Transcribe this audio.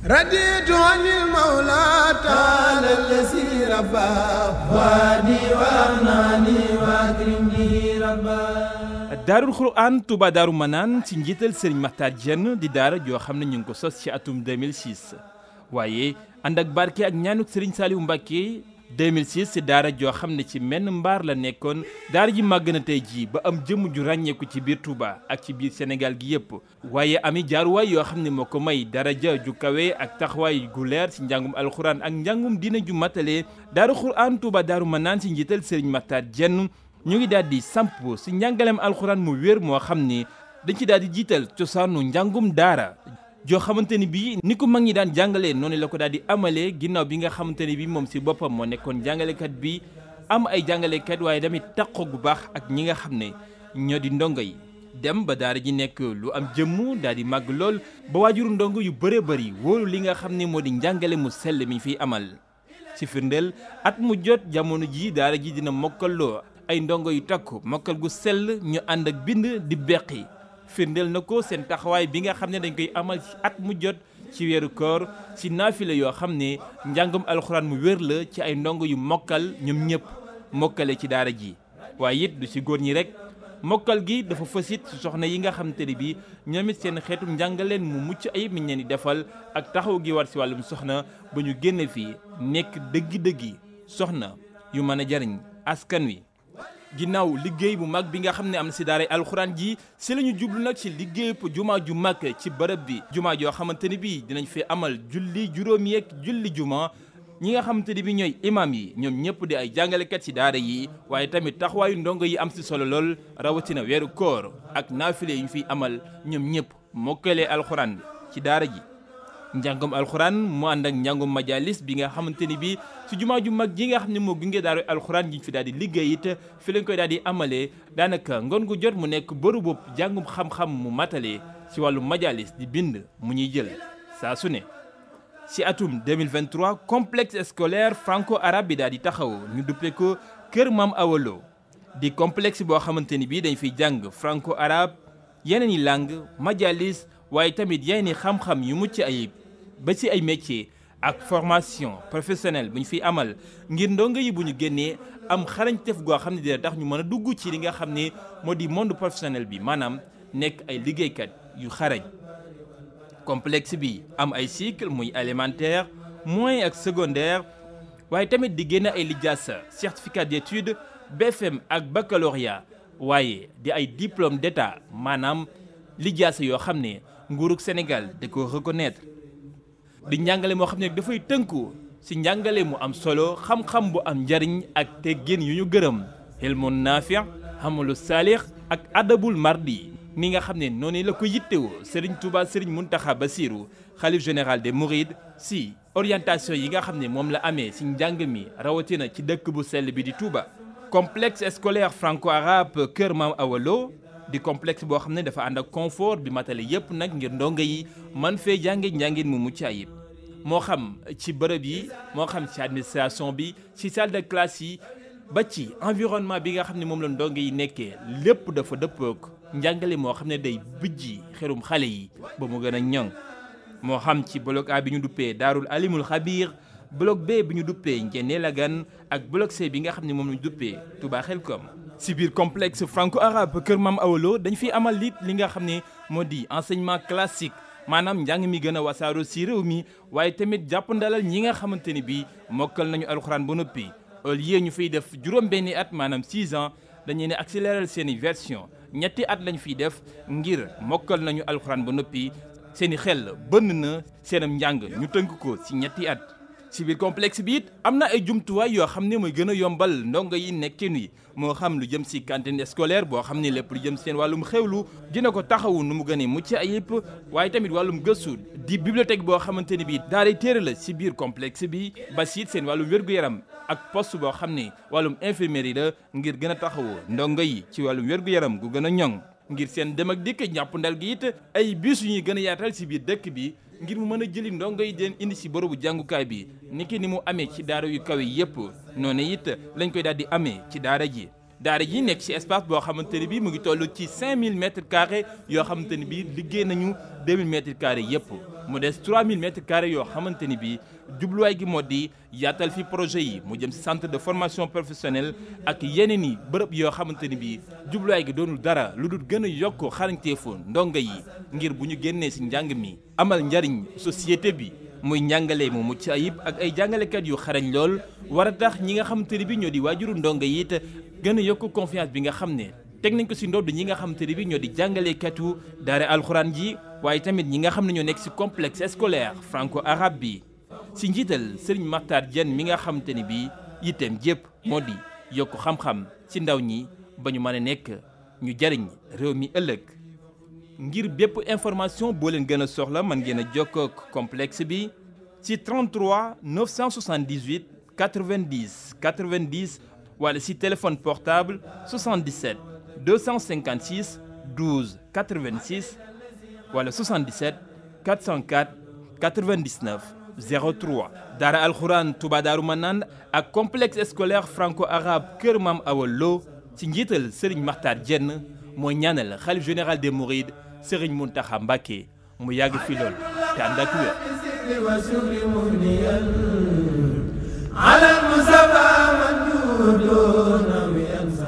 رضيت عن المولى تعالى الذي ربى وادي وأغناني وأكرمني ربا daarul xuraan Touba daaru manaan ci njiital sëriñ Maxtaar Jenn di daar joo xam ne ñu ngi ko sos ci atum 2006 waaye ànd ak barke ak ñaanuk sëriñ Saaliwu Mbàkke 2006 si daara joo xam ne ci menn mbaar la nekkoon daara ji màgg na tey jii ba am jëmm ju ràññeeku ci biir Touba ak ci biir Sénégal gi yépp waaye ami jaaruwaay yoo xam ne moo ko may daraja ju kawe ak taxawaay gu leer si njàngum alxuraan ak njàngum dina ju matale daaru xuraan Touba daaru manaan si njiital sëriñ Makhtar jenn ñu ngi daal di samp si njàngaleem alxuraan mu wér moo xam ni dañ ci daal di jiital cosaanu njàngum daara joo xamante ni bii ni ko mag ñi daan jàngalee noonu la ko daal di amalee ginnaaw bi nga xamante ni bii moom si boppam moo nekkoon jàngalekat bi am ay jàngalekat waaye tamit taqoo bu baax ak ñi nga xam ne ñoo di ndongo yi dem ba daara ji nekk lu am jëmm daal di màgg lool ba waajuru ndongo yu bëree bëri wóolu li nga xam ne moo di njàngale mu sell mi fiy amal ci firndeel at mu jot jamono ji daara ji dina mokkaloo ay ndongo yu takku mokkal gu sell ñu ànd ak bind di beqi firndeel na ko seen taxawaay bi nga xam ne dañ koy amal ci at mu jot ci weeru koor ci naafila yoo xam ne njàngum alxuraan mu wér la ci ay ndongo yu mokkal ñoom ñépp mokkale ci daara ji waaye it du ci góor ñi rekk mokkal gi dafa fasit ci soxna yi nga xamante ne bi ñoom it seen xeetu njàngaleen mu mucc ayib mi ñu leen defal ak taxaw gi war ci wàllum soxna ba ñu génne fii nekk dëggi-dëggi soxna yu mën a jariñ askan wi ginnaaw liggéey bu mag bi nga xam ne am na si daaray alxuraan ji si lañu ñu jublu nag ci liggéey jumaa ju mag ci bërëb bi jumaa joo xamante ni bi dinañ fi amal julli juróom yeeg julli jumaa ñi nga xamante ni bi ñooy imam yi ñoom ñëpp di ay jàngalekat ci daara yi waaye tamit taxawaayu ndongo yi am si solo lool rawatina weeru koor ak naafile yu ñu fiy amal ñoom ñëpp mokkalee alxuraan bi ci daara ji njàngum alxuraan mu ànd ak njàngum majalis bi nga xamante ni bi su jumaa ju mag ji nga xam ne moo gunge daaru alxuraan ji fi daal di liggéey it fi lañ koy daal di amalee daanaka ngoon gu jot mu nekk bëru bopp njàngum xam-xam mu matale si wàllu majalis di bind mu ñuy jël saa su ne si atum 2023 complexe scolaire franco arabe bi daal di taxaw ñu duppe ko kër maam awalo di complexe boo xamante ni bii dañ fiy jàng franco arabe yeneen i langue majalis waaye tamit yeneen i yu mucc ayib ba ci ay métiers ak formation professionnelle bu ñu fi amal ngir ndongo yi bu ñu génnee am xarañteef goo xam ne dina tax ñu mën a dugg ci li nga xam ne moo di monde professionnel bi maanaam nekk ay liggéeykat yu xarañ. complexe bi am ay cycle muy élémentaire moyen ak secondaire waaye tamit di génn ay lijaasa certificat d'études BFM ak baccalauréat waaye di ay diplôme d'état maanaam lijaasa yoo xam ne nguurug Sénégal da ko reconnaître di njàngale moo xam ne dafay tënku si njàngale mu am solo xam-xam bu am njariñ ak teggin yu ñu gërëm ilmu naafi amalu saalix ak adabul mardi ni nga xam ne noonu la ko yittewoo Serigne Touba Serigne Mountakha Bassirou xalif général des Mourides si orientation yi nga xam ne moom la amee si njàng mi rawatina ci dëkk bu sell bi di Touba complexe scolaire franco-arabe Kër Maam Awalo di complexe boo xam ne dafa ànd ak confort bi matale yépp nag ngir ndongo yi man fee jànge njàngin mu mucc ayib moo xam ci bërëb yi moo xam ci administration bi ci salle de classe yi ba ci environnement bi nga xam ne moom la ndongo yi nekkee lépp dafa dëppook njàngale moo xam ne day bijji xerum xale yi ba mu gën a ñoŋ moo xam ci bloc A bi ñu duppee daarul alimul xabiir bloc B bi ñu duppee njennee la gan ak bloc C bi nga xam ne moom la ñu duppee Touba Xelkom si biir complexe franco-arabe Kër Maam Awa dañu fi amal lit li nga xam ne moo di enseignement classique maanaam njàng mi gën a wasaaroo si réew mi waaye tamit jàpp ndalal ñi nga xamante ni bii mokkal nañu alxuraan ba noppi au lieu ñu fiy def juróom-benni at maanaam 6 ans dañuy ne accélérer seeni version ñetti at lañu fiy def ngir mokkal nañu alxuraan ba noppi seeni xel bënn na seenam njàng ñu tënk ko si ñetti at. ci biir complexe bi it am na ay jumtuwaay yoo xam ne mooy gën a yombal ndongo yi nekkin yi moo xam lu jëm ci cantine scolaire boo xam ne lépp lu jëm seen wàllum xewlu dina ko taxawu nu mu gën a mucc ayib waaye tamit wàllum gëstu di bibliothèque boo xamante ni bii daara téere la ci biir complexe bi ba siit seen wàllum wér yaram ak post boo xam ne wàllum yi la ngir gën a taxawu ndongo yi ci wàllum wér yaram gu gën a ñoŋ ngir seen dem ak dikk jàpp ndal gi it ay bus yu ñuy gën a yaatal ci biir dëkk bi ngir mu mën a jëli ndongo yi deen indi ci bërëbu jàngukaay bi niki ni mu amee ci daara yu kawe yépp noonu it lañ koy daal di amee ci daara ji daara ji nekk ci espace boo xamante ne bii mu ngi toll ci 5000 mètres carrés yoo xamante ne bii liggéey nañu 2000 mètres carrés yépp mu des 3000 mètres carrés yoo xamante ni bii jubluwaay gi moo di yaatal fi projet yi mu jëm centre de formation professionnelle ak yeneen i bërëb yoo xamante ni bii jubluwaay gi doonul dara lu dul gën a yokk xarañteefu ndongo yi ngir bu ñu génnee si njàng mi amal njariñ société bi. muy njàngale mu mucc ayib ak ay jàngalekat yu xarañ lool war a tax ñi nga xamante ni bi ñoo di waajuru ndongo yi it gën a yokk confiance bi nga xam ne teg nañ ko si ndodd ñi nga xam te ne ñoo di jàngalekatu daara alxuraan ji waaye tamit ñi nga xam ne ñoo nekk si complexe scolaire franco arabe bi si njiital sëriñ Makhtar Diène mi nga xam te ne bi yitteem jépp moo di yokk xam-xam si ndaw ñi ba ñu mën a nekk ñu jariñ réew mi ëllëg ngir bépp information booleen leen gën a soxla mën ngeen a jokkook complexe bi si 33 978 90 90 wala si téléphone portable 77 256 12 86 wala 77 404 99 03 daara alxuraan Touba Manaan ak complexe scolaire franco-arabe Kër Maam Awa Lo ci njiital Serigne Makhtar Diène mooy ñaanal xalif général des Mourides Serigne Mountakha Mbacké mu yàgg fi lool te ànd ak wér